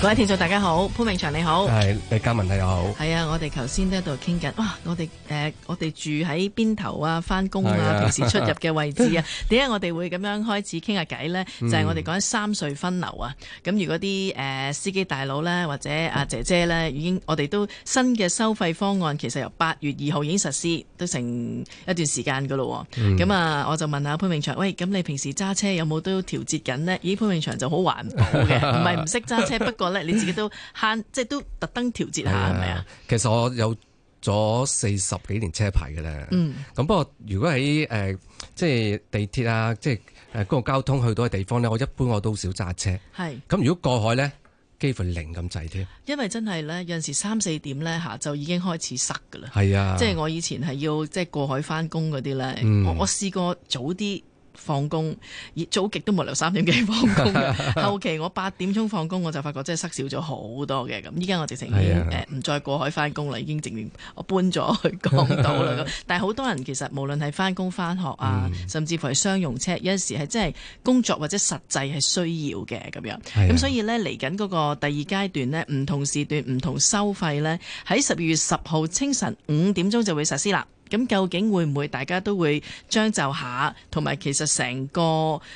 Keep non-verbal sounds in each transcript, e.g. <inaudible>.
各位聽眾大家好，潘明祥你好，係李嘉文你又好，係啊，我哋頭先都喺度傾緊，哇、呃，我哋誒，我哋住喺邊頭啊，翻工啊，的平時出入嘅位置啊，點解 <laughs> 我哋會咁樣開始傾下偈咧？就係、是、我哋講緊三隧分流啊，咁、嗯、如果啲誒、呃、司機大佬咧，或者阿、啊、姐姐咧，已經我哋都新嘅收費方案，其實由八月二號已經實施，都成一段時間噶咯、啊。咁、嗯、啊，我就問下潘明祥，喂，咁你平時揸車有冇都調節緊咧？咦，潘明祥就好環保嘅，唔係唔識揸車， <laughs> 不過。 <laughs> 你自己都慳，即係都特登調節下，係咪啊？的吧其實我有咗四十幾年車牌嘅咧。嗯。咁不過如果喺誒、呃、即係地鐵啊，即係誒公共交通去到嘅地方咧，我一般我都少揸車。係的。咁如果過海咧，幾乎零咁滯添。因為真係咧，有陣時三四點咧吓，就已經開始塞噶啦。係啊的。即係我以前係要即係過海翻工嗰啲咧，我我試過早啲。放工，早極都冇留三點幾放工嘅。後期我八點鐘放工，我就發覺真係塞少咗好多嘅。咁依家我直情已經唔再過海翻工啦，已經直情我搬咗去港島啦。 <laughs> 但係好多人其實無論係翻工翻學啊，甚至乎係商用車，有陣時係真係工作或者實際係需要嘅咁樣。咁 <laughs> 所以呢，嚟緊嗰個第二階段呢，唔同時段唔同收費呢，喺十二月十號清晨五點鐘就會實施啦。咁究竟會唔會大家都會將就下，同埋其實成個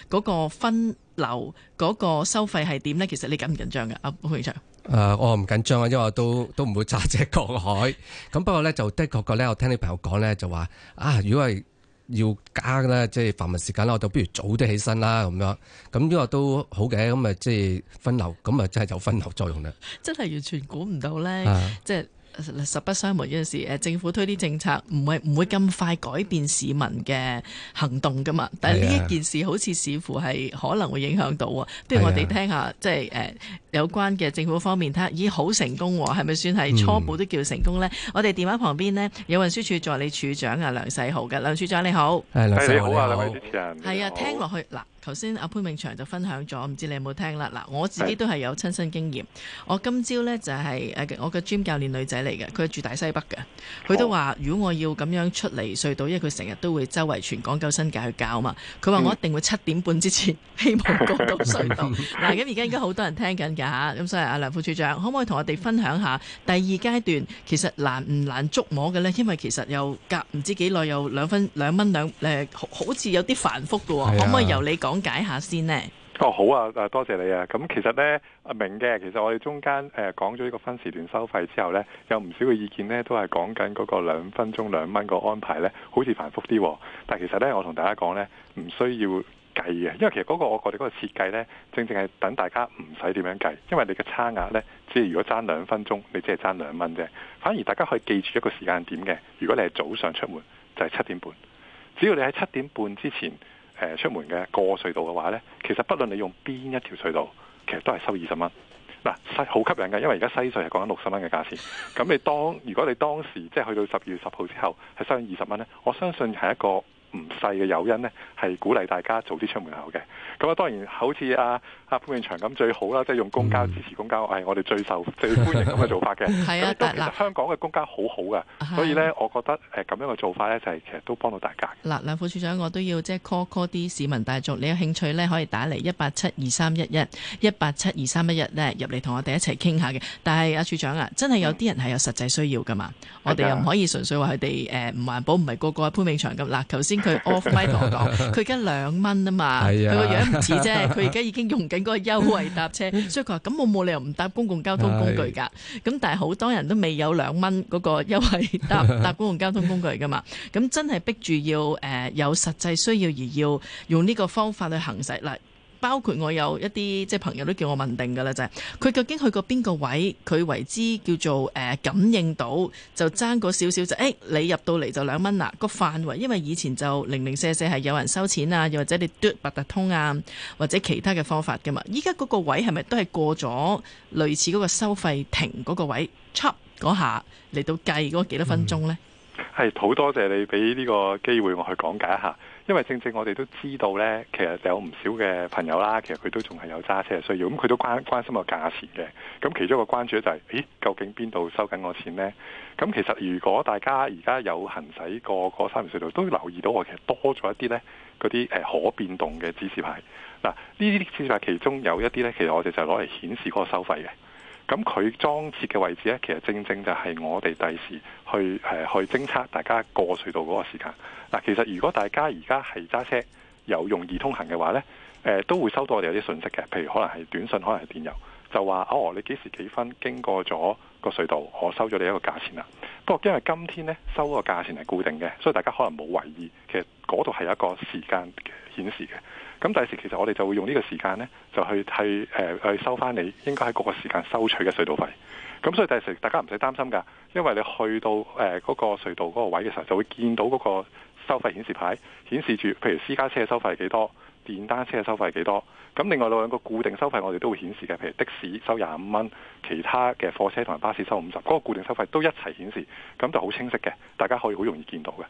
嗰個分流嗰個收費係點咧？其實你緊唔緊張㗎？豪署長，誒，我唔緊張啊，因為都都唔會揸車過海。咁不過咧，就的確嘅咧，我聽啲朋友講咧，就話啊，如果係要加咧，即係繁忙時間啦，我就不如早啲起身啦咁樣。咁呢個都好嘅，咁啊即係分流，咁啊真係有分流作用啦。真係完全估唔到咧，即係。實不相瞞，呢件事政府推啲政策唔係唔會咁快改變市民嘅行動㗎嘛，但呢一件事好似似乎係可能會影響到啊。不如我哋聽下、啊、即係有關嘅政府方面睇下，咦好成功喎，係咪算係初步都叫成功咧？嗯、我哋電話旁邊呢，有運輸署助理署長，署長啊，梁世豪嘅，梁署長你好，梁你好啊兩位主持人係啊，聽落去嗱。頭先阿潘永祥就分享咗，唔知你有冇聽啦？嗱，我自己都係有親身經驗。是我今朝呢就係、是、我個 gym 教練女仔嚟嘅，佢住大西北嘅，佢都話、哦、如果我要咁樣出嚟隧道，因為佢成日都會周圍全港九新界去教嘛。佢話我一定會七點半之前希望過到隧道。嗱， <laughs> 咁而家應該好多人聽緊㗎嚇，咁所以阿梁副處長可唔可以同我哋分享下第二階段，其實難唔難捉摸嘅呢？因為其實又隔唔知幾耐又兩分兩蚊兩分好似有啲繁複嘅喎，啊、可唔可以由你講？講解下先呢。哦，oh, 好啊，多謝你啊。咁其實呢，阿明嘅。其實我哋中間誒，講咗呢個分時段收費之後呢，有唔少嘅意見呢都係講緊嗰個兩分鐘兩蚊個安排呢，好似繁複啲，啊。但係其實呢，我同大家講呢，唔需要計嘅。因為其實嗰個我哋嗰個設計呢，正正係等大家唔使點樣計。因為你嘅差額呢，只係如果爭兩分鐘，你只係爭兩蚊啫。反而大家可以記住一個時間點嘅。如果你係早上出門，就係七點半。只要你喺七點半之前。出門嘅過隧道嘅話呢，其實不論你用邊一條隧道，其實都係收二十蚊。嗱，好吸引㗎，因為而家西隧係講緊六十蚊嘅價錢。咁你當，如果你當時即係去到十二月十號之後，係收二十蚊呢，我相信係一個唔細嘅誘因呢，係鼓勵大家早啲出門口嘅。咁啊，當然好似阿阿潘永祥咁最好啦，即係用公交、嗯、支持公交，係我哋最受最歡迎咁嘅做法嘅。係 <laughs> 啊，嗱，香港嘅公交好好噶，啊、所以呢，我覺得誒咁樣嘅做法呢，就係其實都幫到大家嗱，梁、啊、副處長，我都要即係 call call 啲市民大眾，你有興趣呢，可以打嚟一八七二三一一一八七二三一一咧，入嚟同我哋一齊傾下嘅。但係阿、啊、處長啊，真係有啲人係有實際需要噶嘛，嗯、我哋又唔可以純粹話佢哋誒唔環保，唔係個個喺潘永祥咁。嗱、啊，頭先。佢 off mic 同我講，佢而家兩蚊啊嘛，佢個樣唔似啫，佢而家已經用緊嗰個優惠搭車，所以佢話咁我冇理由唔搭公共交通工具㗎，咁但係好多人都未有兩蚊嗰個優惠搭搭公共交通工具㗎嘛，咁真係逼住要誒有實際需要而要用呢個方法去行使嗱。包括我有一啲即係朋友都叫我問定噶啦，就係，是，佢究竟去過邊個位，佢為之叫做誒、呃、感應到，就爭嗰少少就誒、欸、你入到嚟就兩蚊啦。個範圍因為以前就零零四四係有人收錢啊，又或者你嘟八達通啊，或者其他嘅方法嘅嘛。依家嗰個位係咪都係過咗類似嗰個收費亭嗰個位，出嗰，嗯、下嚟到計嗰幾多分鐘咧？係好多謝你俾呢個機會我去講解一下。因為正正我哋都知道呢，其實有唔少嘅朋友啦，其實佢都仲係有揸車需要，咁佢都關都關心個價錢嘅。咁其中一個關注就係、是，咦，究竟邊度收緊我錢呢？」咁其實如果大家而家有行駛過嗰、那個、三條隧道，都留意到我其實多咗一啲呢嗰啲誒可變動嘅指示牌。嗱，呢啲指示牌其中有一啲呢，其實我哋就攞嚟顯示嗰個收費嘅。咁佢裝設嘅位置呢，其實正正就係我哋第時去誒去偵測大家過隧道嗰個時間。嗱，其實如果大家而家係揸車有容易通行嘅話呢、呃、都會收到我哋有啲信息嘅，譬如可能係短信，可能係電郵，就話哦，你幾時幾分經過咗個隧道，我收咗你一個價錢啦。不過因為今天呢，收個價錢係固定嘅，所以大家可能冇懷疑，其實嗰度係有一個時間顯示嘅。咁第時其實我哋就會用呢個時間呢，就去係、呃、去收翻你應該喺嗰個時間收取嘅隧道費。咁所以第時大家唔使擔心㗎，因為你去到嗰、呃嗰個隧道嗰個位嘅時候，就會見到嗰個收費顯示牌，顯示住譬如私家車嘅收費係幾多，電單車嘅收費係幾多。咁另外兩個固定收費我哋都會顯示嘅，譬如的士收廿五蚊，其他嘅貨車同埋巴士收五十，嗰、嗰個固定收費都一齊顯示，咁就好清晰嘅，大家可以好容易見到嘅。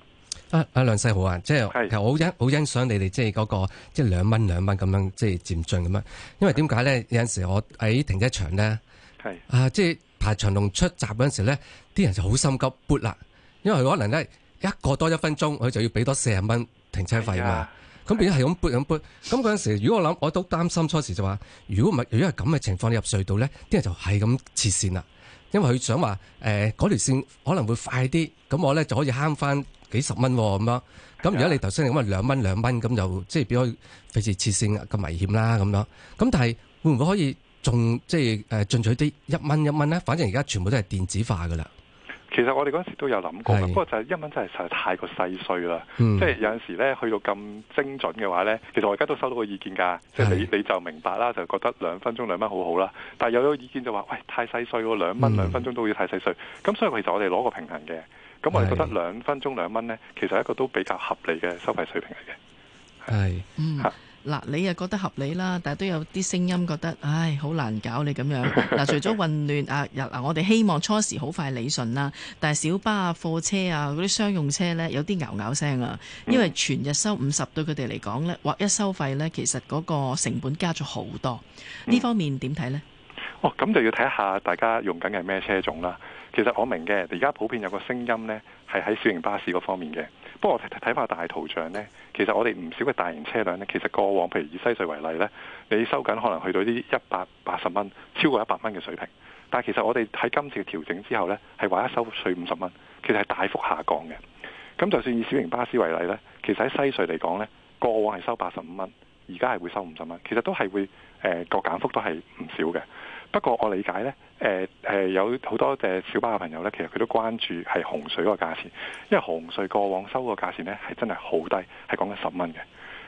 啊！阿梁世豪啊，即係是其實我好欣好欣賞你哋即係嗰個即係兩蚊兩蚊咁樣即係、就是、漸進咁樣，因為點解咧？有陣時我喺停車場咧，是啊，即、就、係、是、排長龍出閘嗰陣時咧，啲人就好心急撥啦，因為佢可能咧一個多一分鐘，佢就要俾多四十蚊停車費嘛。咁的變咗係咁撥咁撥。咁嗰陣時，如果我諗我都擔心初時就話，如果唔係，如果係咁嘅情況你入隧道咧，啲人就係咁切線啦，因為佢想話誒嗰條線可能會快啲，咁我咧就可以慳翻。幾十蚊咁樣，咁如果你頭先咁話兩蚊兩蚊咁就即係比較費事、切線咁危險啦咁樣。咁但係會唔會可以仲即係誒進取啲一蚊一蚊咧？反正而家全部都係電子化噶啦。其實我哋嗰陣時都有諗過，不過就係一蚊真係實在太過細碎啦。即係有陣時咧去到咁精準嘅話咧，其實我而家都收到個意見㗎，即係你你就明白啦，就覺得兩分鐘兩蚊好好啦。但係有咗意見就話，喂太細碎喎，兩蚊兩分鐘都要太細碎。咁所以其實我哋攞個平衡嘅。咁我哋覺得兩分鐘兩蚊咧，其實一個都比較合理嘅收費水平嚟嘅。係，嗯嚇。嗱，你又覺得合理啦，但係都有啲聲音覺得，唉，好難搞你咁樣。嗱，除咗混亂啊，日嗱，我哋希望初時好快理順啦。但係小巴啊、貨車啊嗰啲商用車咧，有啲拗拗聲啊。因為全日收五十對佢哋嚟講咧，劃一收費咧，其實嗰個成本加咗好多。呢方面點睇咧？哦，咁就要睇下大家用緊嘅咩車種啦。其實我明嘅，而家普遍有個聲音呢，係喺小型巴士嗰方面嘅。不過我睇睇下大圖像呢，其實我哋唔少嘅大型車輛呢，其實過往譬如以西隧為例呢，你收緊可能去到啲一百八十蚊，超過一百蚊嘅水平。但係其實我哋喺今次嘅調整之後呢，係話一收稅五十蚊，其實係大幅下降嘅。咁就算以小型巴士為例呢，其實喺西隧嚟講呢，過往係收八十五蚊，而家係會收五十蚊，其實都係會誒、呃、個減幅都係唔少嘅。不過我理解呢，誒、呃呃、有好多誒小巴嘅朋友呢，其實佢都關注係紅隧嗰個價錢，因為紅隧過往收個價錢呢，係真係好低，係講緊十蚊嘅，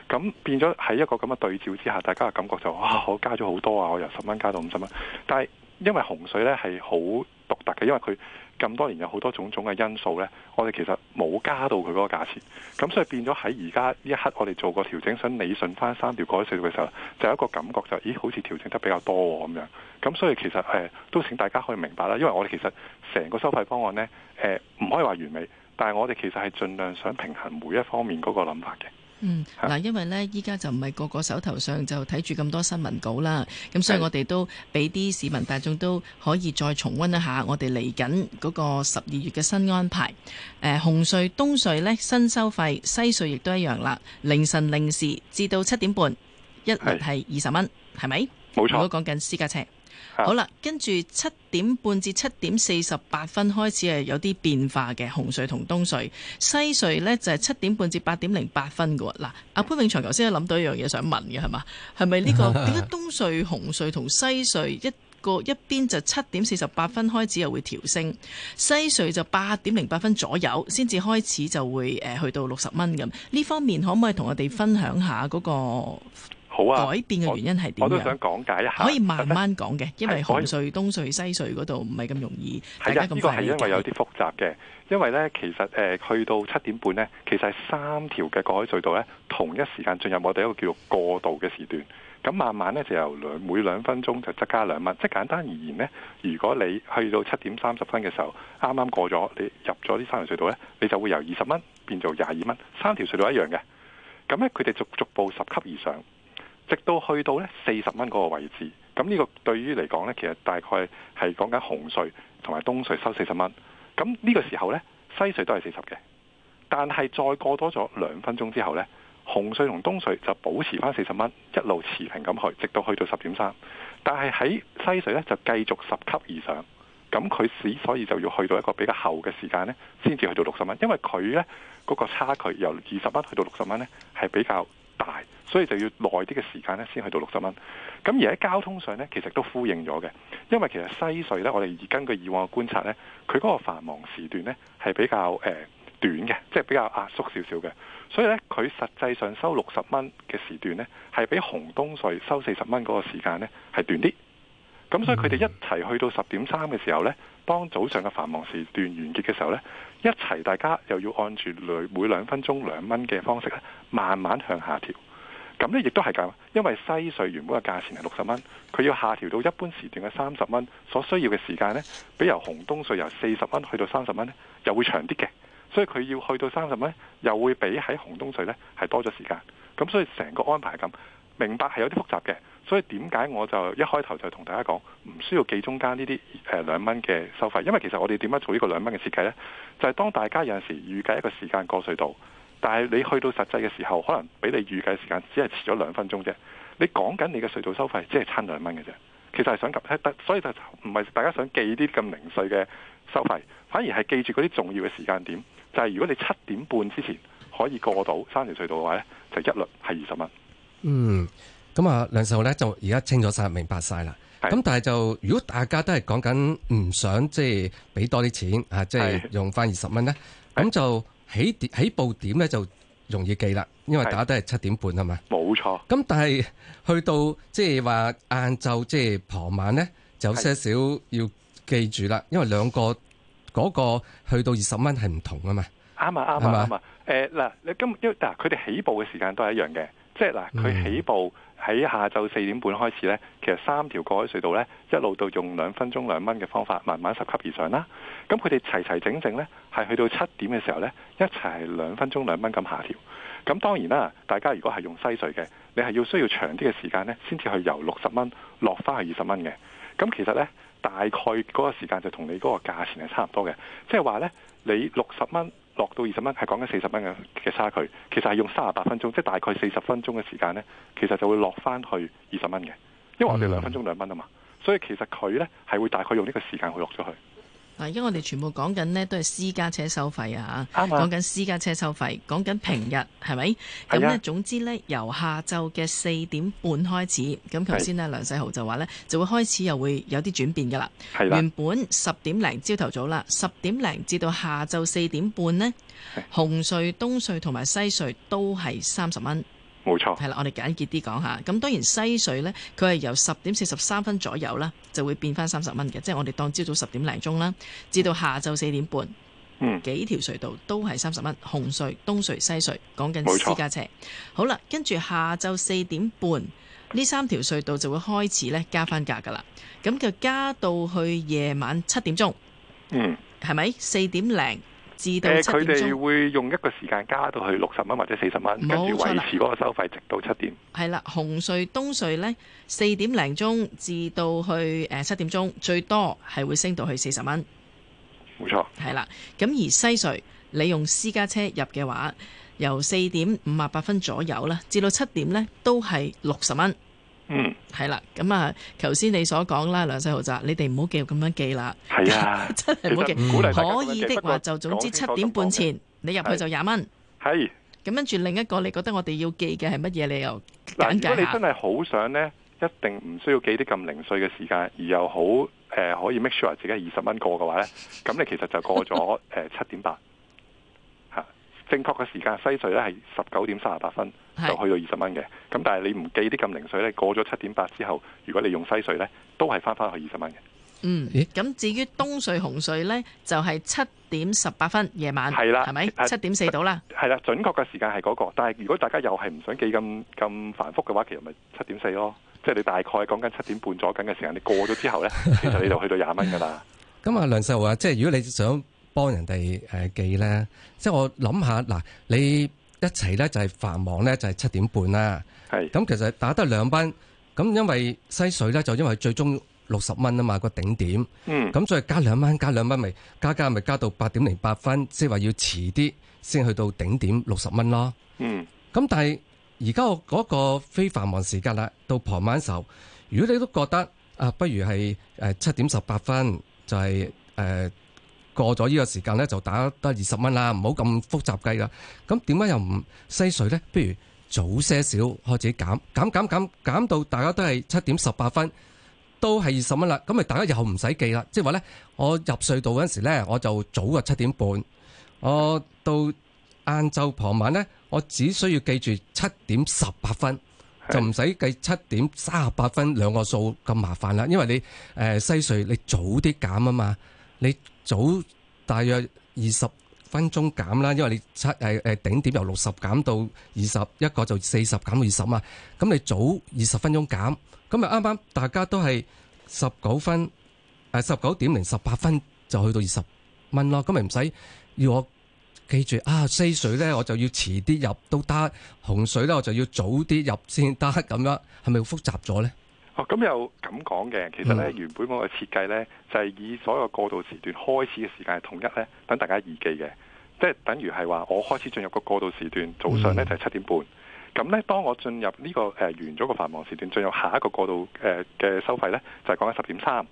咁變咗喺一個咁嘅對照之下，大家嘅感覺就哇我、哦、加咗好多啊，我由十蚊加到五十蚊，但係因為紅隧呢，係好，獨特嘅，因為佢咁多年有好多種種嘅因素呢，我哋其實冇加到佢嗰個價錢，咁所以變咗喺而家呢一刻，我哋做個調整，想理順翻三條改四條嘅時候，就有一個感覺就係、咦，好似調整得比較多咁樣，咁所以其實誒、呃、都請大家可以明白啦，因為我哋其實成個收費方案呢，誒、呃、唔可以話完美，但係我哋其實係盡量想平衡每一方面嗰個諗法嘅。嗯，嗱，因為咧，依家，就唔係個個手頭上就睇住咁多新聞稿啦，咁所以我哋都俾啲市民大眾都可以再重溫一下我哋嚟緊嗰個十二月嘅新安排。誒、呃，紅隧、東隧咧新收費，西隧亦都一樣啦。凌晨零時至到七點半，一律係二十蚊，係咪是？冇吧錯，我都講緊私家車。好啦，跟住七點半至七點四十八分開始係有啲變化嘅，紅隧同東隧，西隧呢就係七點半至八點零八分嘅喎。嗱、啊，阿潘永祥頭先諗到一樣嘢想問嘅係嘛？係咪呢個點解 <laughs> 東隧、紅隧同西隧一個一邊就七點四十八分開始又會調升，西隧就八點零八分左右先至開始就會誒、呃、去到六十蚊咁？呢方面可唔可以同我哋分享下嗰、那個？好啊，改變嘅原因係點？我都想講解一下，可以慢慢講嘅，是因為紅隧以、東隧、西隧嗰度唔係咁容易，是的大啊，呢、這個係因為有啲複雜嘅，釋因為呢，其實誒、呃、去到七點半呢，其實係三條嘅過海隧道呢，同一時間進入我哋一個叫做過渡嘅時段。咁慢慢呢，就由兩每兩分鐘就增加兩蚊，即係簡單而言呢，如果你去到七點三十分嘅時候啱啱過咗，你入咗呢三條隧道呢，你就會由二十蚊變做廿二蚊，三條隧道一樣嘅。咁咧佢哋逐逐步十級而上。直到去到咧四十蚊嗰個位置，咁呢個對於嚟講呢，其實大概係講緊紅隧同埋東隧收四十蚊。咁呢個時候呢，西隧都係四十嘅。但係再過多咗兩分鐘之後呢，紅隧同東隧就保持翻四十蚊，一路持平咁去，直到去到十點三。但係喺西隧呢，就繼續十級以上。咁佢之所以就要去到一個比較後嘅時間呢，先至去到六十蚊，因為佢呢嗰、那個差距由二十蚊去到六十蚊呢，係比較，大，所以就要耐啲嘅時間呢，先去到六十蚊。咁而喺交通上呢，其實都呼應咗嘅，因為其實西隧呢，我哋而根據以往嘅觀察呢，佢嗰個繁忙時段呢係比較短嘅，即係比較壓縮少少嘅。所以呢，佢實際上收六十蚊嘅時段呢，係比紅東隧收四十蚊嗰個時間呢，係短啲。咁所以佢哋一齊去到十點三嘅時候呢。當早上嘅繁忙時段完結嘅時候呢，一齊大家又要按住每兩分鐘兩蚊嘅方式咧，慢慢向下調。咁呢亦都係咁，因為西隧原本嘅價錢係六十蚊，佢要下調到一般時段嘅三十蚊，所需要嘅時間呢，比由紅東隧由四十蚊去到三十蚊呢，又會長啲嘅。所以佢要去到三十蚊，又會比喺紅東隧呢係多咗時間。咁所以成個安排咁，明白係有啲複雜嘅。所以點解我就一開頭就同大家講唔需要記中間呢啲誒兩蚊嘅收費，因為其實我哋點樣做呢個兩蚊嘅設計呢？就係、是、當大家有時預計一個時間過隧道，但係你去到實際嘅時候，可能俾你預計時間只係遲咗兩分鐘啫。你講緊你嘅隧道收費，即係差兩蚊嘅啫。其實係想咁，所以就唔係大家想記啲咁零碎嘅收費，反而係記住嗰啲重要嘅時間點。就係如果你七點半之前可以過到三條隧道嘅話呢就一律係二十蚊。嗯。咁啊，梁生咧就而家清咗晒，明白晒啦。咁是但係就，如果大家都係講緊唔想即係俾多啲錢是啊，即、就、係、是、用翻二十蚊咧，咁是就起起步點咧就容易記啦，因為大家都係七點半啊嘛。冇是吧錯。咁但係去到即係話晏晝即係傍晚咧，就有些少要記住啦，是因為兩個嗰、那個去到二十蚊係唔同啊嘛。啱啊，啱啊，啱吧啊。誒嗱、啊，你今因嗱佢哋起步嘅時間都係一樣嘅，即係嗱佢起步。嗯喺下晝四點半開始呢，其實三條過海隧道呢一路到用兩分鐘兩蚊嘅方法，慢慢拾級而上啦。咁佢哋齊齊整整呢，係去到七點嘅時候呢，一齊兩分鐘兩蚊咁下調。咁當然啦，大家如果係用西隧嘅，你係要需要長啲嘅時間呢先至去由六十蚊落返去二十蚊嘅。咁其實呢，大概嗰個時間就同你嗰個價錢係差唔多嘅，即係話呢，你六十蚊。落到二十蚊，係講緊四十蚊嘅嘅差距。其實係用三十八分鐘，即係大概四十分鐘嘅時間呢，其實就會落翻去二十蚊嘅。因為我哋兩分鐘兩蚊啊嘛，所以其實佢呢，係會大概用呢個時間去落咗去。嗱，而家我哋全部講緊呢，都係私家車收費啊！講緊吧私家車收費，講緊平日係咪？咁的呢，的總之呢，由下晝嘅四點半開始，咁頭先呢，梁世豪就話呢，就會開始又會有啲轉變㗎啦。係的原本十點零朝頭早啦，十點零至到下晝四點半呢，的紅隧、東隧同埋西隧都係三十蚊。冇錯，係啦，我哋簡潔啲講下。咁當然西隧呢，佢係由十點四十三分左右啦，就會變翻三十蚊嘅，即係我哋當朝早十點零鐘啦，至到下晝四點半，嗯，幾條隧道都係三十蚊。紅隧、東隧、西隧講緊私家車。冇錯，好啦，跟住下晝四點半，呢三條隧道就會開始呢加翻價㗎啦。咁就加到去夜晚七點鐘，嗯，係咪四點零？誒，佢哋會用一個時間加到去六十蚊或者四十蚊，跟住維持嗰個收費直到七點。係啦，紅隧東隧呢，四點零鐘至到去誒七點鐘，最多係會升到去四十蚊。冇錯。係啦，咁而西隧，你用私家車入嘅話，由四點五啊八分左右啦，至到七點呢，都係六十蚊。嗯，係啦、嗯，咁啊、嗯，頭先你所講啦，梁世豪澤，你哋唔好繼續咁樣記啦，係啊，真係唔好記，鼓勵，嗯、可以的話過就總之七點半前你入去就廿蚊，係，咁跟住另一個你覺得我哋要記嘅係乜嘢？你又揀揀下，如果你真係好想呢，一定唔需要記啲咁零碎嘅時間，而又好誒、呃、可以 make sure 自己係二十蚊過嘅話呢。咁你其實就過咗誒七點八。 <laughs> 呃正確嘅時間西隧咧係十九點三十八分就去到二十蚊嘅，咁是但係你唔記啲咁零碎咧，過咗七點八之後，如果你用西隧咧，都係翻翻去二十蚊嘅。嗯，咁咦至於東隧、紅隧咧，就係七點十八分夜晚，係啦，係咪七點四到啦？係啦，準確嘅時間係嗰個，但係如果大家又係唔想記咁咁繁複嘅話，其實咪七點四咯，即係你大概講緊七點半咗緊嘅時間，你過咗之後咧， <laughs> 其實你就去到廿蚊噶啦。咁啊，梁秀話，即係如果你想。幫人哋誒記呢，即係我諗下嗱，你一齊呢就係繁忙呢，就係七點半啦。係，咁其實打得兩班，咁因為西隧呢，就因為最終六十蚊啊嘛個頂點。嗯，咁再加兩蚊，加兩蚊咪加加咪加到八點零八分，即係話要遲啲先去到頂點六十蚊咯。嗯，咁但係而家我嗰個非繁忙時間啦，到傍晚時候，如果你都覺得啊，不如係誒七點十八分就係、是、誒。呃過咗呢個時間呢，就打得二十蚊啦，唔好咁複雜計啦。咁點解又唔西隧呢？不如早些少開始減，減減減減到大家都係七點十八分，都係二十蚊啦。咁咪大家以後唔使記啦。即係話呢，我入隧道嗰時呢，我就早個七點半，我到晏晝傍晚呢，我只需要記住七點十八分，是就唔使計七點三十八分兩個數咁麻煩啦。因為你誒西隧你早啲減啊嘛，你。早大約二十分鐘減啦，因為你七誒誒頂點由六十減到二十，一個就四十減到二十嘛。咁你早二十分鐘減，咁啊啱啱大家都係十九分誒十九點零十八分就去到二十蚊咯，咁咪唔使要我記住啊，西隧咧我就要遲啲入都得，紅隧咧我就要早啲入先得，咁樣係咪複雜咗咧？哦，咁又咁講嘅，其實呢，嗯、原本我個設計呢，就係、是、以所有過渡時段開始嘅時間係統一呢等大家議記嘅，即係等於係話我開始進入個過渡時段，早上呢，就係、是、七點半，咁呢，當我進入呢、這個誒、呃、完咗個繁忙時段，進入下一個過渡嘅、呃、收費呢，就係、是、講緊十點三。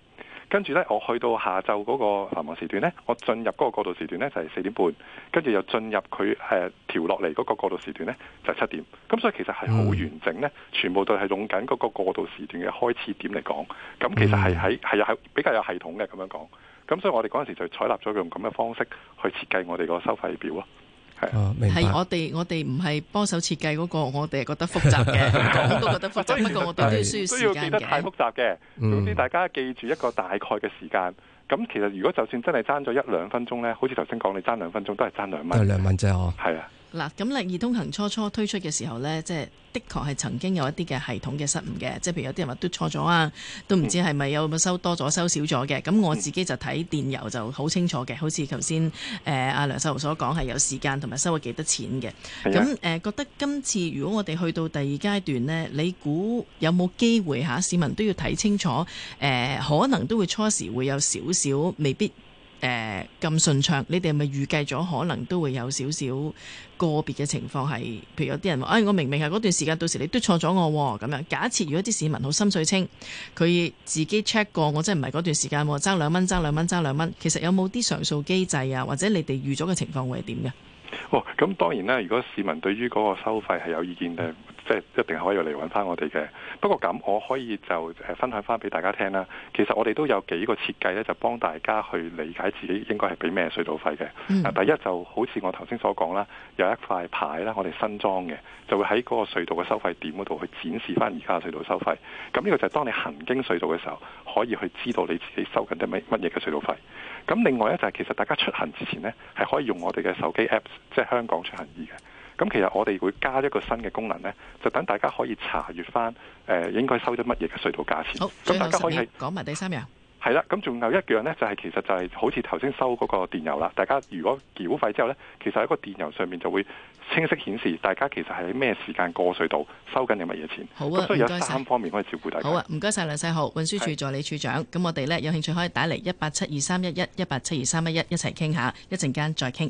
跟住呢，我去到下晝嗰個繁忙時段呢，我進入嗰個過渡時段呢，就係四點半，跟住又進入佢誒調落嚟嗰個過渡時段呢，就係七點。咁所以其實係好完整呢，全部都係用緊嗰個過渡時段嘅開始點嚟講。咁其實係喺係有係比較有系統嘅咁樣講。咁所以我哋嗰陣時就採納咗用咁嘅方式去設計我哋個收費表咯。係，係是、啊、我哋我哋唔係幫手設計嗰個，我哋係覺得複雜嘅， <laughs> 都覺得複雜。不過 <laughs> 我哋都要需要時間太複雜嘅，總之、嗯，大家記住一個大概嘅時間。咁其實如果就算真係爭咗一兩分鐘咧，好似頭先講你爭兩分鐘都係爭兩蚊。兩蚊啫，係啊。嗱，咁易通行初初推出嘅時候呢，即係的確係曾經有一啲嘅系統嘅失誤嘅，即係譬如有啲人話嘟錯咗啊，都唔知係咪有收多咗、收少咗嘅。咁我自己就睇電郵就好清楚嘅，好似頭先誒阿梁世豪所講係有時間同埋收咗幾多錢嘅。咁誒的、呃、覺得今次如果我哋去到第二階段呢，你估有冇機會吓市民都要睇清楚誒、呃，可能都會初時會有少少未必。誒咁、呃、順暢，你哋係咪預計咗可能都會有少少個別嘅情況係，譬如有啲人話，哎，我明明係嗰段時間，到時你嘟錯咗我咁樣。假設如果啲市民好心水清，佢自己 check 過：「我真係唔係嗰段時間，爭兩蚊爭兩蚊爭兩蚊。其實有冇啲上訴機制啊？或者你哋預咗嘅情況會係點嘅？咁、哦、當然啦，如果市民對於嗰個收費係有意見嘅。嗯即係一定係可以嚟搵翻我哋嘅。不過咁，我可以就分享翻俾大家聽啦。其實我哋都有幾個設計呢就幫大家去理解自己應該係俾咩隧道費嘅。第一就好似我頭先所講啦，有一塊牌啦，我哋新裝嘅，就會喺嗰個隧道嘅收費點嗰度去展示翻而家嘅隧道收費。咁呢個就係當你行經隧道嘅時候，可以去知道你自己收緊啲乜乜嘢嘅隧道費。咁另外呢，就係其實大家出行之前呢，係可以用我哋嘅手機 Apps，即係香港出行易嘅。咁其實我哋會加一個新嘅功能呢，就等大家可以查閱翻、呃，應該收咗乜嘢嘅隧道價錢。好，講埋第三樣。係啦，咁仲有一樣呢，就係、是、其實就係好似頭先收嗰個電郵啦。大家如果繳費之後呢，其實喺個電郵上面就會清晰顯示，大家其實係咩時間過隧道收緊你乜嘢錢。好啊，所以有三多謝方面可以照顧大家。好啊，唔該晒梁世豪，運輸署助理署長。咁的我哋呢，有興趣可以打嚟一八七二三一一一八七二三一一一齊傾下，一陣間再傾。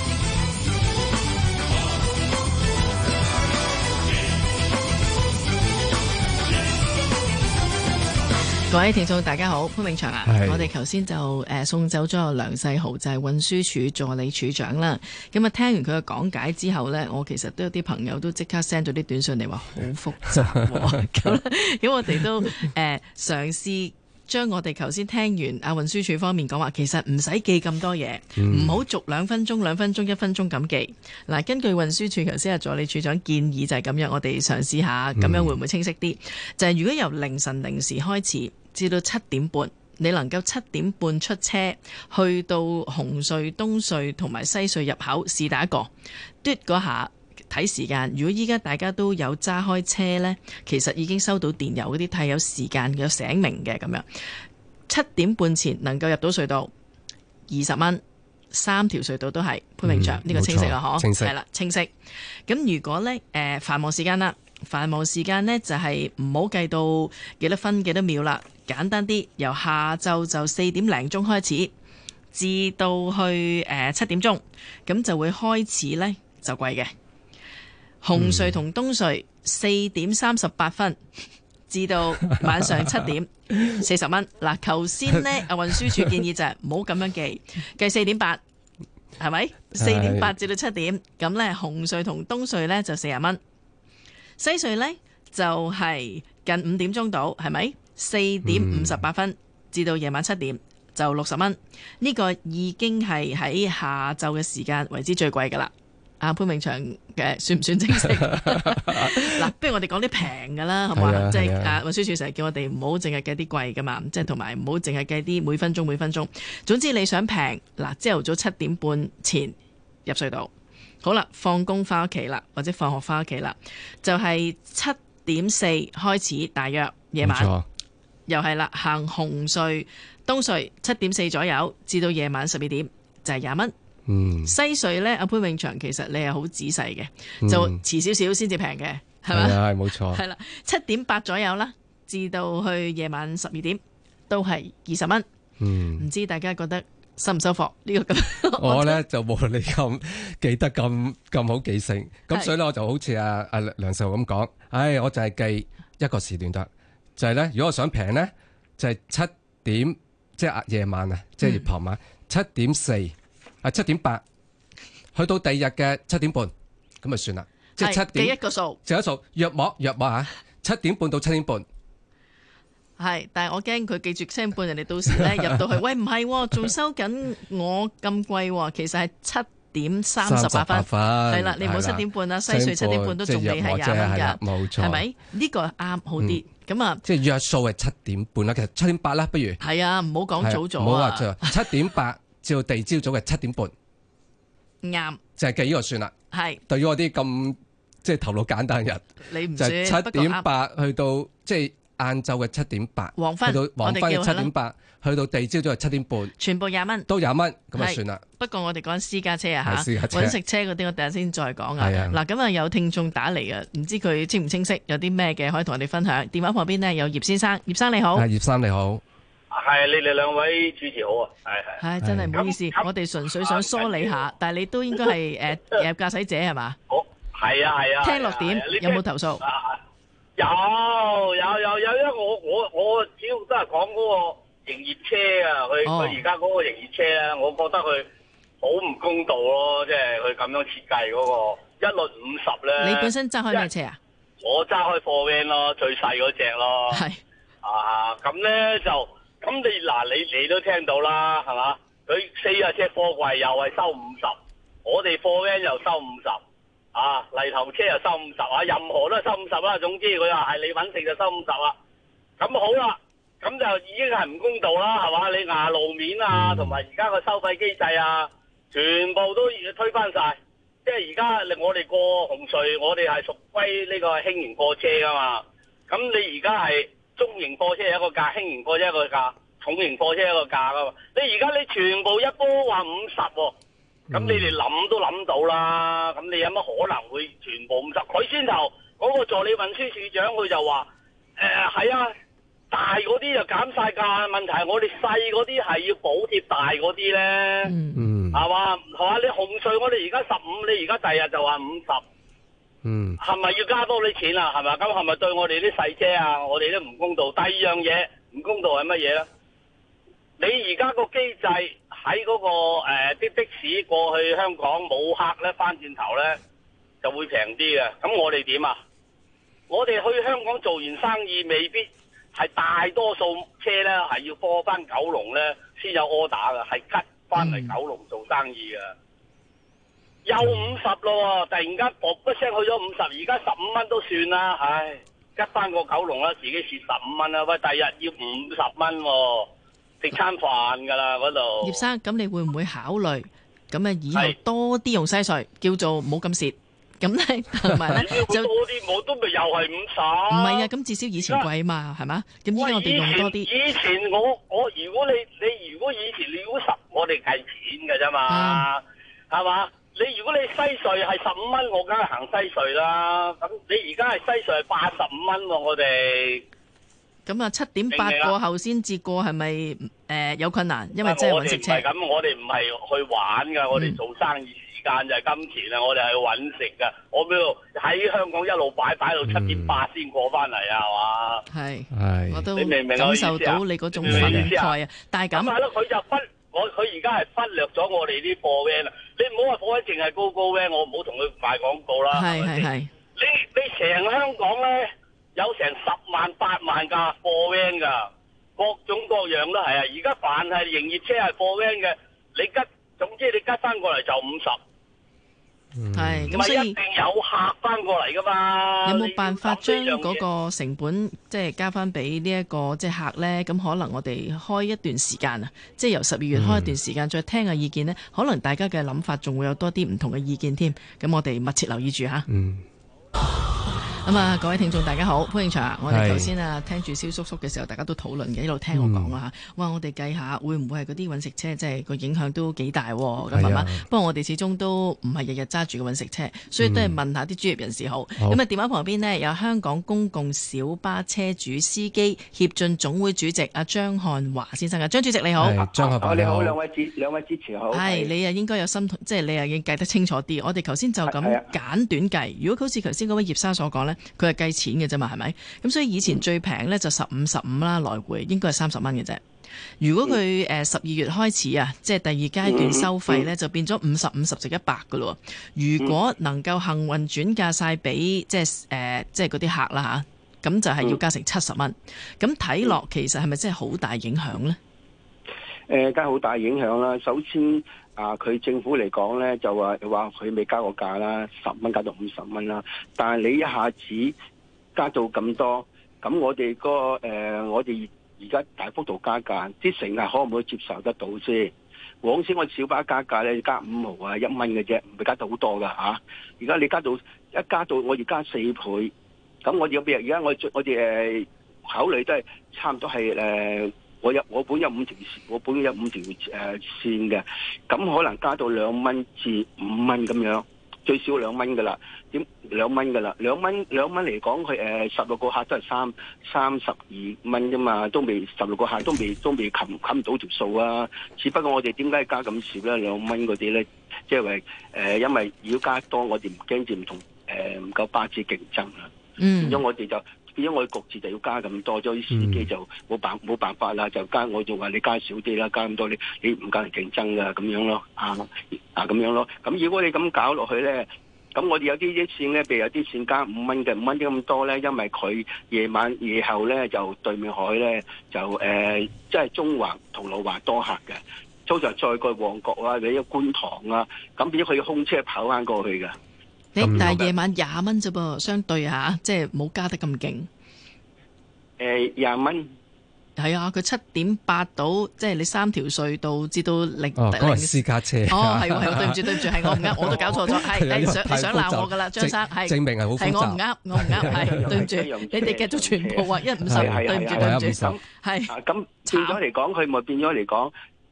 各位聽眾，大家好，潘永祥啊，是我哋頭先就誒、呃、送走咗梁世豪，就係、是、運輸署助理署長啦。咁、嗯、啊，聽完佢嘅講解之後咧，我其實都有啲朋友都即刻 send 咗啲短信嚟話，好複雜。哦。咁 <laughs> <laughs> 我哋都誒嘗試將我哋頭先聽完啊運輸署方面講話，其實唔使記咁多嘢，唔好逐兩分鐘兩分鐘一分鐘咁記。嗱，根據運輸署頭先啊助理署長建議就係咁樣，我哋嘗試下，咁樣會唔會清晰啲？嗯、就係如果由凌晨零時開始，至到七點半，你能夠七點半出車去到紅隧、東隧同埋西隧入口試打一個。嘟嗰下睇時間，如果依家大家都有揸開車呢，其實已經收到電郵嗰啲，睇有時間有醒明嘅咁樣。七點半前能夠入到隧道，二十蚊，三條隧道都係潘明卓呢，嗯、個清晰啊，嗬，係啦，清晰。咁如果呢，誒、呃、繁忙時間啦。繁忙時間呢，就係唔好計到幾多分幾多秒啦，簡單啲，由下晝就四點零鐘開始，至到去誒七、呃、點鐘，咁就會開始呢就貴嘅。紅隧同東隧四點三十八分至、嗯、到晚上七點，四十蚊。嗱，頭先呢，運輸署建議就係唔好咁樣計，計四點八，係咪？四點八至到七點，咁呢，紅隧同東隧呢，就四十蚊。西隧呢，就係、是、近五點鐘到，係咪？四點五十八分至到夜晚七點就六十蚊，呢個已經係喺下晝嘅時間為之最貴噶啦。阿、啊、潘明祥嘅算唔算正式？嗱， <laughs> <laughs> 不如我哋講啲平噶啦，好冇嘛？即係阿運輸署成日叫我哋唔好淨係計啲貴噶嘛，即係同埋唔好淨係計啲每分鐘每分鐘。總之你想平，嗱，朝頭早七點半前入隧道。好啦，放工翻屋企啦，或者放學翻屋企啦，就係、是、七點四開始，大約夜晚，冇錯。又係啦，行紅隧東隧七點四左右，至到夜晚十二點就係廿蚊。嗯，西隧呢，阿潘永祥其實你係好仔細嘅，嗯、就遲少少先至平嘅，係咪、嗯？係冇錯。係啦、啊，七 <laughs> 點八左右啦，至到去夜晚十二點都係二十蚊。嗯，唔知大家覺得？收唔收貨、這個、 <laughs> 呢個咁？我咧 <laughs> 就冇你咁記得咁咁好記性，咁是所以咧我就好似阿阿梁秀咁講，唉，我就係計一個時段得，就係、是、咧，如果我想平咧，就係、是、七點，即、就、係、是、夜晚啊，即係傍晚七點四啊、呃，七點八，去到第二日嘅七點半，咁就算啦，即係七點一個數，一個數，約莫約莫七點半到七點半。係，但係我驚佢記住七點半，人哋到時咧入到去，喂唔係，仲收緊我咁貴，其實係七點三十八分，係啦，你唔好七點半啦，西隧七點半都仲未係廿蚊噶，係咪呢個啱好啲？咁啊，即係約數係七點半啦，其實七點八啦，不如係啊，唔好講早咗啊，七點八至到第二朝早嘅七點半，啱就係計呢個算啦。係對於我啲咁即係頭腦簡單人，你唔住七點八去到即係。晏晝嘅七點八，去到黃昏嘅七點八，去到地朝早係七點半，全部廿蚊，都廿蚊咁啊算啦。不過我哋講私家車啊嚇，揾食車嗰啲我第日先再講啊。嗱咁啊有聽眾打嚟啊，唔知佢清唔清晰有啲咩嘅可以同我哋分享。電話旁邊呢，有葉先生，葉生你好。葉生你好，係你哋兩位主持好啊。係係。係真係唔好意思，我哋純粹想梳理下，但係你都應該係誒駕駛者係嘛？好。係啊係啊。聽落點有冇投訴？有有有有，因為我我我主要都係講嗰個營業車啊，佢佢而家嗰個營業車啊，我覺得佢好唔公道咯，即係佢咁樣設計嗰個一律五十咧。你本身揸開咩車啊？我揸開貨 Van 咯，最細嗰隻咯。係 <laughs> 啊，咁咧就咁你嗱，你你都聽到啦，係嘛？佢四啊隻車貨櫃又係收五十，我哋貨 Van 又收五十。啊！泥頭車就收五十啊，任何都收五十啦。總之佢話你搵食就收五十啦。咁好啦，咁就已經係唔公道啦，係嘛？你牙路面啊，同埋而家個收費機制啊，全部都推翻晒。即係而家令我哋過紅隧，我哋係屬歸呢個輕型貨車噶嘛。咁你而家係中型貨車一個價，輕型貨車一個價，重型貨車一個價噶嘛。你而家你全部一波話五十喎。咁、嗯、你哋諗都諗到啦，咁你有乜可能會全部五十？佢先頭嗰、那個助理運輸署長佢就話，誒、呃、係啊，大嗰啲就減晒價，問題係我哋細嗰啲係要補貼大嗰啲咧，嗯嗯，係嘛係嘛？你紅隧，我哋而家十五，你而家第日就話五十，嗯，係咪要加多啲錢啊？係咪？咁係咪對我哋啲細車啊？我哋都唔公道。第二樣嘢唔公道係乜嘢咧？你而家個機制喺嗰個誒，啲的士過去香港冇客咧，翻轉頭咧就會平啲嘅。咁我哋點啊？我哋去香港做完生意，未必係大多數車咧，係要 call 翻九龍咧，先有柯打嘅係係吉翻嚟九龍做生意噶。嗯、又五十咯，突然間卜一聲去咗五十，而家十五蚊都算啦。唉，吉翻個九龍啦，自己蝕十五蚊啦，喂，第日要五十蚊喎。食餐飯噶啦嗰度，葉生，咁你會唔會考慮咁啊，以後多啲用西隧，是叫做冇咁蝕咁咧，同埋多啲，我都咪又係五十。唔係啊，咁至少以前貴啊嘛，係嘛為？咁依我哋用多啲。以前我我如果你你如果以前你要十，我哋計錢噶啫嘛，係嘛、嗯？你如果你西隧係十五蚊，我梗係行西隧啦。咁你而家係西隧八十五蚊喎，我哋。咁啊，七點八過後先至過係咪？誒，有困難，因為真係搵食。車咁，我哋唔係去玩噶，我哋做生意，時間就係金錢啊！我哋係搵食噶，我一路喺香港一路擺擺到七點八先過翻嚟啊！係嘛，係，我都感受到你嗰種心態啊！但係咁，咪係咯？佢就忽我，佢而家係忽略咗我哋啲貨 van 啊！你唔好話貨淨係高高 van，我唔好同佢賣廣告啦。係係係，你你成香港咧。有成十萬、八萬架貨 Van 噶，各種各樣都係啊！而家凡係營業車係貨 Van 嘅，你吉，總之你吉翻過嚟就五十。係咁、嗯，是一定有客翻過嚟噶嘛。嗯、有冇辦法將嗰個成本，即、就、係、是、加翻俾呢一個即係、就是、客呢？咁可能我哋開一段時間啊，即係由十二月開一段時間，再聽下意見呢，嗯、可能大家嘅諗法仲會有多啲唔同嘅意見添。咁我哋密切留意住吓。嗯。咁啊，各位聽眾大家好，潘永祥啊，我哋頭先啊聽住蕭叔叔嘅時候，大家都討論嘅，一路聽我講啊嚇。嗯、哇，我哋計下會唔會係嗰啲揾食車，即係個影響都幾大咁，哎、呀不過我哋始終都唔係日日揸住個揾食車，所以都係問下啲專業人士好。咁啊、嗯，電話旁邊呢，有香港公共小巴車主司機協進總會主席阿張漢華先生啊，張主席你好，啊，張漢華你好，啊哦、你好兩位，兩位主持好。係、哎、你啊，應該有心，即係你啊，要計得清楚啲。我哋頭先就咁簡短計，如果好似頭先嗰位葉生所講佢係計錢嘅啫嘛，係咪？咁所以以前最平呢就十五十五啦，來回應該係三十蚊嘅啫。如果佢誒十二月開始啊，嗯、即係第二階段收費呢，就變咗五十五十就一百噶咯。如果能夠幸運轉嫁晒俾即係誒、呃、即係嗰啲客啦吓，咁、啊、就係要加成七十蚊。咁睇落其實係咪真係好大影響呢？誒、呃，梗係好大影響啦。首先。啊！佢政府嚟講咧，就話話佢未加過價啦，十蚊加到五十蚊啦。但係你一下子加到咁多，咁我哋、那個誒、呃，我哋而家大幅度加價，啲乘客可唔可以接受得到先？往先我小巴加價咧，加五毫啊一蚊嘅啫，唔會加到好多噶吓。而、啊、家你加到一加到我而家四倍，咁我哋有咩？而家我我哋誒、呃、考慮都係差唔多係誒。呃我入我本有五條線我本有五條誒、呃、線嘅，咁可能加到兩蚊至五蚊咁樣最少兩蚊噶啦，點兩蚊噶啦，兩蚊兩蚊嚟講佢誒十六個客都係三三十二蚊啫嘛，都未十六個客都未都未擒擒到條數啊！只不過我哋點解加咁少咧？兩蚊嗰啲咧，即係誒，因為如果加多，我哋唔驚店同誒唔夠巴士競爭啦。嗯，咁我哋就。如果我局住就要加咁多，所以啲司機就冇辦冇辦法啦，就加我就話你加少啲啦，加咁多你你唔加嚟競爭噶咁樣咯，啊啊咁樣咯，咁如果你咁搞落去咧，咁我哋有啲線咧，譬如有啲線加五蚊嘅五蚊啲咁多咧，因為佢夜晚夜後咧就對面海咧就誒，即、呃、係中環同老環多客嘅，通常再過旺角啊，或者觀塘啊，咁變咗佢空車跑翻過去噶？你但係夜晚廿蚊啫噃，相對下，即係冇加得咁勁。誒，廿蚊係啊，佢七點八到，即係你三條隧道至到你私家車。哦，係，係對唔住，對唔住，係我唔啱，我都搞錯咗，係想想鬧我噶啦，張生係，證明係好複雜。係我唔啱，我唔啱，係對唔住，你哋繼續全部話一五十，對唔住對唔住，係咁變咗嚟講，佢咪變咗嚟講，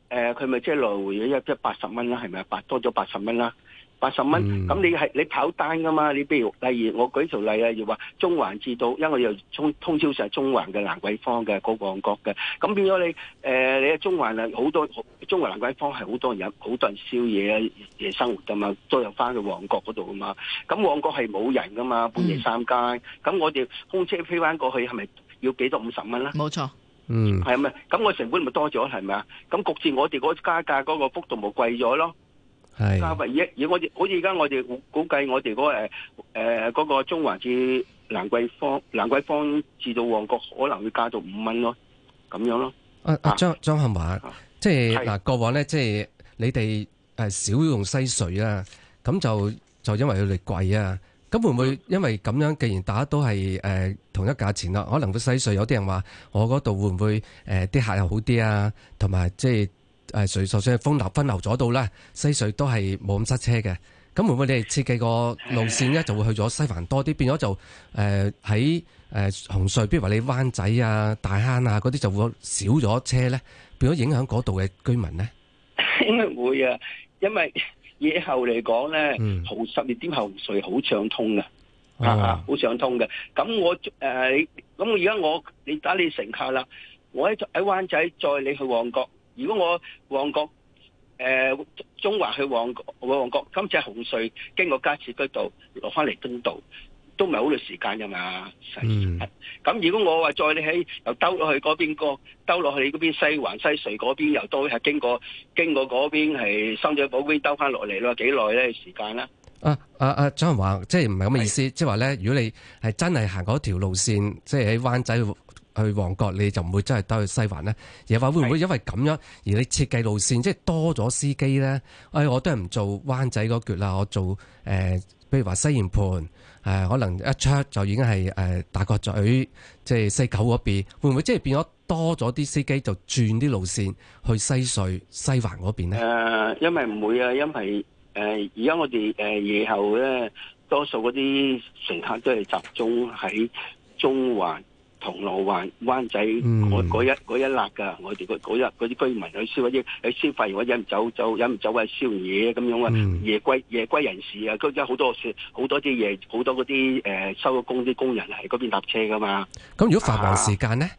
誒，佢咪即係來回一一八十蚊啦，係咪啊？八多咗八十蚊啦。八十蚊，咁、嗯、你你跑單㗎嘛？你比如例如，我舉條例啊，要話中環至到，因為又通通宵成中環嘅蘭桂坊嘅嗰、那個旺角嘅，咁變咗你誒、呃，你喺中環啊好多，中環蘭桂坊係好多人有，好多人宵夜啊夜生活㗎嘛，都有翻去旺角嗰度㗎嘛，咁旺角係冇人㗎嘛，半夜三更，咁、嗯、我哋空車飛翻過去係咪要幾多五十蚊啦？冇錯，嗯，係咪？咁我成本咪多咗係咪啊？咁焗住我哋嗰加價嗰個幅度咪貴咗咯？加為一，如果我哋好似而家我哋估計，我哋嗰誒誒嗰個中環至蘭桂坊、蘭桂坊至到旺角，可能會加到五蚊咯，咁樣咯。阿阿張張漢華，即係嗱，過往咧，即係你哋誒少用西隧啊，咁就就因為佢哋貴啊，咁會唔會因為咁樣？既然大家都係誒同一價錢啦，可能會西隧有啲人話，我嗰度會唔會誒啲客又好啲啊？同埋即係。誒，隨就算係分流分流咗到啦，西隧都係冇咁塞車嘅。咁會唔會你哋設計個路線咧，就會去咗西環多啲，變咗就誒喺誒紅隧，比如話你灣仔啊、大坑啊嗰啲，就會少咗車咧，變咗影響嗰度嘅居民咧？應該會啊，因為以後嚟講咧，好十二點後紅隧好暢通嘅啊，好暢通嘅。咁我誒，咁我而家我你打你乘客啦，我喺喺灣仔載你去旺角。如果我旺角誒、呃、中環去旺角，旺角，今次係紅隧經過加士居道落翻嚟東道，都唔係好耐時間㗎嘛。咁、嗯、如果我話載你喺又兜落去嗰邊過，兜落去你嗰邊西環西隧嗰邊，又都係經過經過嗰邊係深水埗邊兜翻落嚟咯，幾耐咧時間啦、啊？啊啊啊！張漢華即係唔係咁嘅意思，的即係話咧，如果你係真係行嗰條路線，即係喺灣仔。去旺角你就唔會真係兜去西環咧，亦話會唔會因為咁樣是而你設計路線即係多咗司機咧？哎，我都係唔做灣仔嗰橛啦，我做誒，譬、呃、如話西營盤誒、呃，可能一出就已經係誒大角咀，即係西九嗰邊，會唔會即係變咗多咗啲司機就轉啲路線去西隧、西環嗰邊咧？誒、呃，因為唔會啊，因為誒而家我哋誒、呃、夜後咧，多數嗰啲乘客都係集中喺中環。銅鑼灣、灣仔嗰、嗯、一嗰一帶噶，我哋嗰啲居民去消夜喺宵夜或者唔走酒飲唔走者宵夜咁樣啊，嗯、夜歸夜歸人士啊，都一好多好多啲夜好多嗰啲誒收工啲工人喺嗰邊搭車噶嘛。咁如果繁忙時間呢，啊、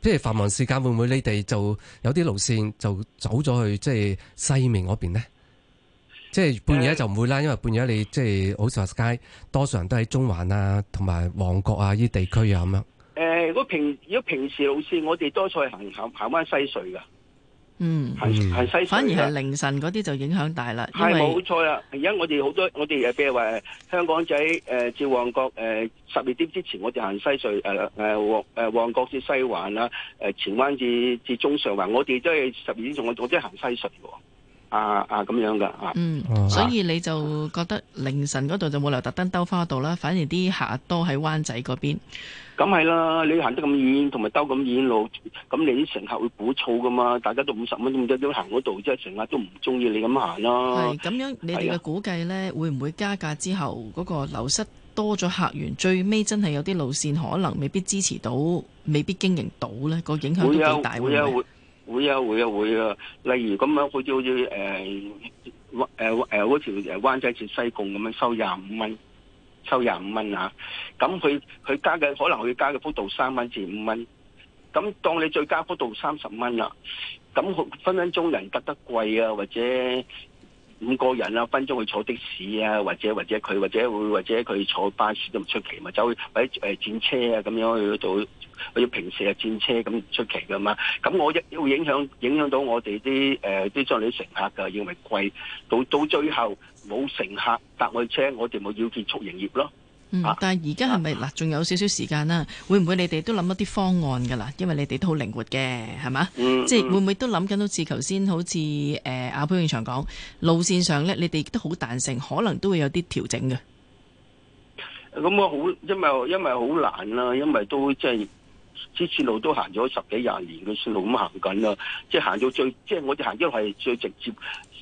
即係繁忙時間會唔會你哋就有啲路線就走咗去即係、就是、西面嗰邊呢？即、就、係、是、半夜就唔會啦，啊、因為半夜你即係好似話街，多數人都喺中環啊、同埋旺角啊呢啲地區啊咁樣。如果平如果平時路線，我哋多數係行行銅灣西隧噶，嗯，係係西隧，反而係凌晨嗰啲就影響大啦。係冇錯啦，而家我哋好多我哋誒，譬如話香港仔誒、呃，至旺角誒十二點之前，我哋行西隧誒誒旺旺角至西環啦，誒、呃、荃灣至至中上環，我哋都係十二點仲我我即行西隧喎，啊啊咁樣噶啊，啊的啊嗯，嗯啊、所以你就覺得凌晨嗰度就冇理由特登兜花嗰度啦，反而啲客都喺灣仔嗰邊。咁係啦，你行得咁遠，同埋兜咁遠路，咁你啲乘客會鼓噪噶嘛？大家都五十蚊咁多，都行嗰度，即係乘客都唔中意你咁行啦。係咁樣，你哋嘅估計咧，是的 會唔會加價之後嗰個流失多咗客源，最尾真係有啲路線可能未必支持到，未必經營到咧？個影響都會幾大會咩？會啊會啊會啊，例如咁樣，欸欸、樣，好似好似誒誒嗰條誒灣仔至西貢咁樣收廿五蚊。收廿五蚊啊！咁佢佢加嘅可能佢加嘅幅度三蚊至五蚊，咁當你最加幅度三十蚊啦，咁分分鐘人覺得貴啊，或者五個人啊分分鐘去坐的士啊，或者或者佢或者會或者佢坐巴士都唔出奇，嘛走去或者誒轉車啊咁樣去到。我要平時轉車咁出奇噶嘛？咁我一會影響影響到我哋啲誒啲將嚟乘客噶，因為貴到到最後冇乘客搭我車，我哋咪要結束營業咯。嗯、但係而家係咪嗱？仲、啊、有少少時間啦，會唔會你哋都諗一啲方案噶啦？因為你哋都好靈活嘅，係嘛？嗯、即係會唔會都諗緊好似頭先好似誒阿潘永祥講路線上咧，你哋都好彈性，可能都會有啲調整嘅。咁我好，因為因為好難啦，因為都即係。呢條路都行咗十幾廿年，嘅線路咁行緊啦，即係行到最，即係我哋行咗路係最直接、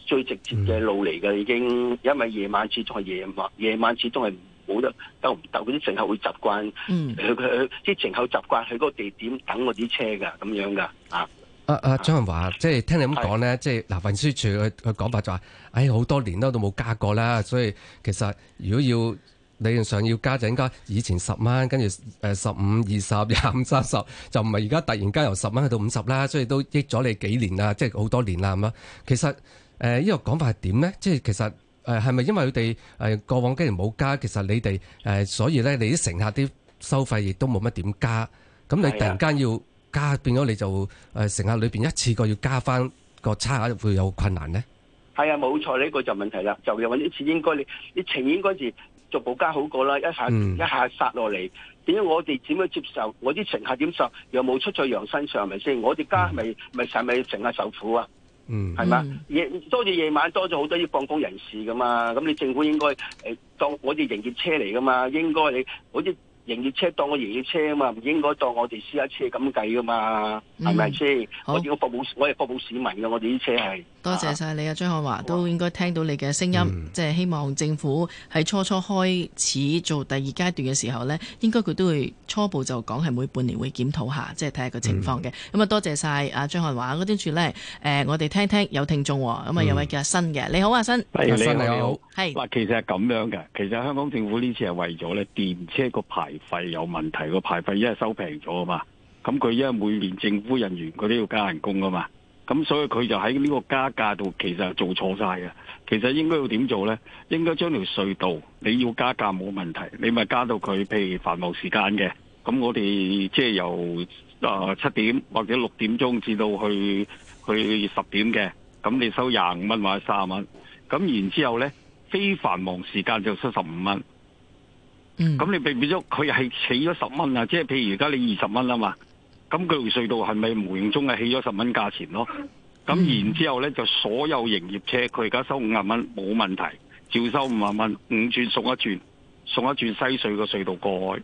最直接嘅路嚟嘅，已經，因為夜晚始終係夜晚，夜晚始終係冇得兜唔到，啲乘客會習慣，啲乘客習慣喺嗰個地點等嗰啲車噶，咁樣噶，啊，阿阿、啊啊、張漢華，即係聽你咁講咧，是即係嗱，運輸署佢佢講法就話，唉，好、哎、多年啦，都冇加過啦，所以其實如果要。理論上要加就應該以前十蚊，跟住誒十五、二十、廿五、三十，就唔係而家突然間由十蚊去到五十啦，所以都益咗你幾年啊，即係好多年啦咁啊。其實誒呢個講法係點咧？即係其實誒係咪因為佢哋誒過往經年冇加，其實你哋誒所以咧，你啲乘客啲收費亦都冇乜點加。咁你突然間要加，變咗你就誒乘客裏邊一次過要加翻個差額，會有困難咧？係啊，冇錯，呢個就問題啦。就用呢次應該你你情應該是。就補加好過啦，一下一下殺落嚟，點解我哋點樣接受？我啲乘客點受？又冇出在羊身上，係咪先？我哋家咪咪係咪乘客受苦啊？嗯，係嘛？夜多謝夜晚多咗好多啲放工人士噶嘛，咁你政府應該誒、呃，當我哋營業車嚟噶嘛，應該你，好似。營業車當個營業車啊嘛，唔應該當我哋私家車咁計噶嘛，係咪先？我哋服務，我哋服務市民㗎，我哋啲車係。多謝晒你啊，張漢華都應該聽到你嘅聲音，即係希望政府喺初初開始做第二階段嘅時候呢，應該佢都會初步就講係每半年會檢討下，即係睇下個情況嘅。咁啊，多謝晒啊張漢華跟住呢。誒，我哋聽聽有聽眾，咁啊，有位叫阿新嘅，你好啊，新。你好，你好。係。嗱，其實係咁樣嘅，其實香港政府呢次係為咗呢電車個牌。費有問題個牌費，因為收平咗啊嘛，咁佢因為每年政府人員佢都要加人工啊嘛，咁所以佢就喺呢個加價度其實做錯晒啊，其實應該要點做呢？應該將條隧道你要加價冇問題，你咪加到佢譬如繁忙時間嘅，咁我哋即係由啊七點或者六點鐘至到去去十點嘅，咁你收廿五蚊或者三十蚊，咁然之後呢非繁忙時間就七十五蚊。咁你避免咗佢係起咗十蚊啊，即係譬如而家你二十蚊啊嘛，咁佢條隧道係咪無形中係起咗十蚊價錢咯？咁然之後咧、mm hmm. 就所有營業車，佢而家收五十蚊冇問題，照收五十蚊，五轉送一轉，送一轉西隧個隧道過去。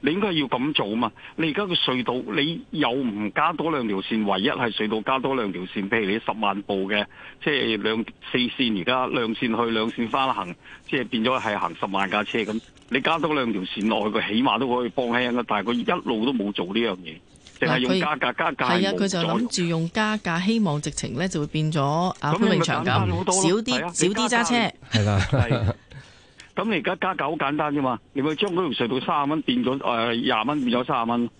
你應該要咁做啊嘛！你而家個隧道，你又唔加多兩條線？唯一係隧道加多兩條線，譬如你十萬部嘅，即係兩四線，而家兩線去兩線翻行，即係變咗係行十萬架車咁。你加多兩條線落去，佢起碼都可以放輕啊！但係佢一路都冇做呢樣嘢，定係用加價加價係啊，佢就諗住用加價，希望直情咧就會變咗啊，恢復、啊、長久少啲少啲揸車。係啦、嗯。是 <laughs> 咁你而家加價好簡單啫嘛，你咪將嗰條隧道三十蚊變咗誒廿蚊，變咗三十蚊。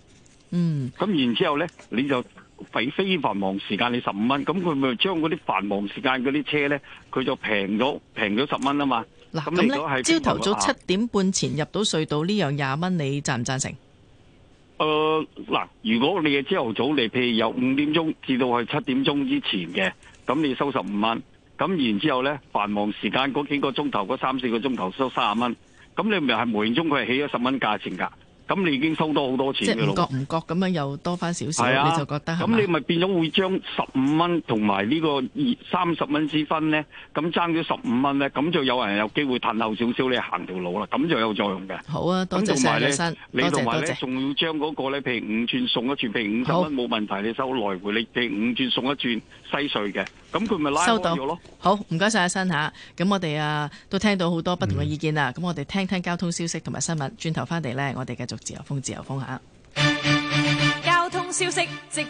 嗯，咁然之後咧，你就俾非繁忙時間你十五蚊，咁佢咪將嗰啲繁忙時間嗰啲車咧，佢就平咗平咗十蚊啊嘛。嗱，咁咧，朝頭早七點半前入到隧道呢樣廿蚊，你贊唔贊成？誒，嗱，如果你嘅朝頭早嚟，譬如有五點鐘至到係七點鐘之前嘅，咁你收十五蚊。咁然之後咧，繁忙時間嗰幾個鐘頭，嗰三四個鐘頭收卅蚊，咁你咪係無形中佢係起咗十蚊價錢㗎。咁你已經收多好多錢㗎啦。唔覺唔覺咁樣又多翻少少，係啊，你就覺得。咁你咪變咗會將十五蚊同埋呢個二三十蚊之分咧，咁爭咗十五蚊咧，咁就有人有機會褪後少少，你行條路啦。咁就有作用嘅。好啊，多謝曬，同埋謝你同埋咧，仲謝謝要將嗰個咧，譬如五轉送一轉，譬如五十蚊冇問題，好你收來回，你譬如五轉送一轉，西碎嘅。佢咪收到，好，唔該晒阿新吓。咁、啊、我哋啊都聽到好多不同嘅意見啦，咁、嗯、我哋聽聽交通消息同埋新聞，轉頭翻嚟咧，我哋繼續自由風，自由風吓。交通消息直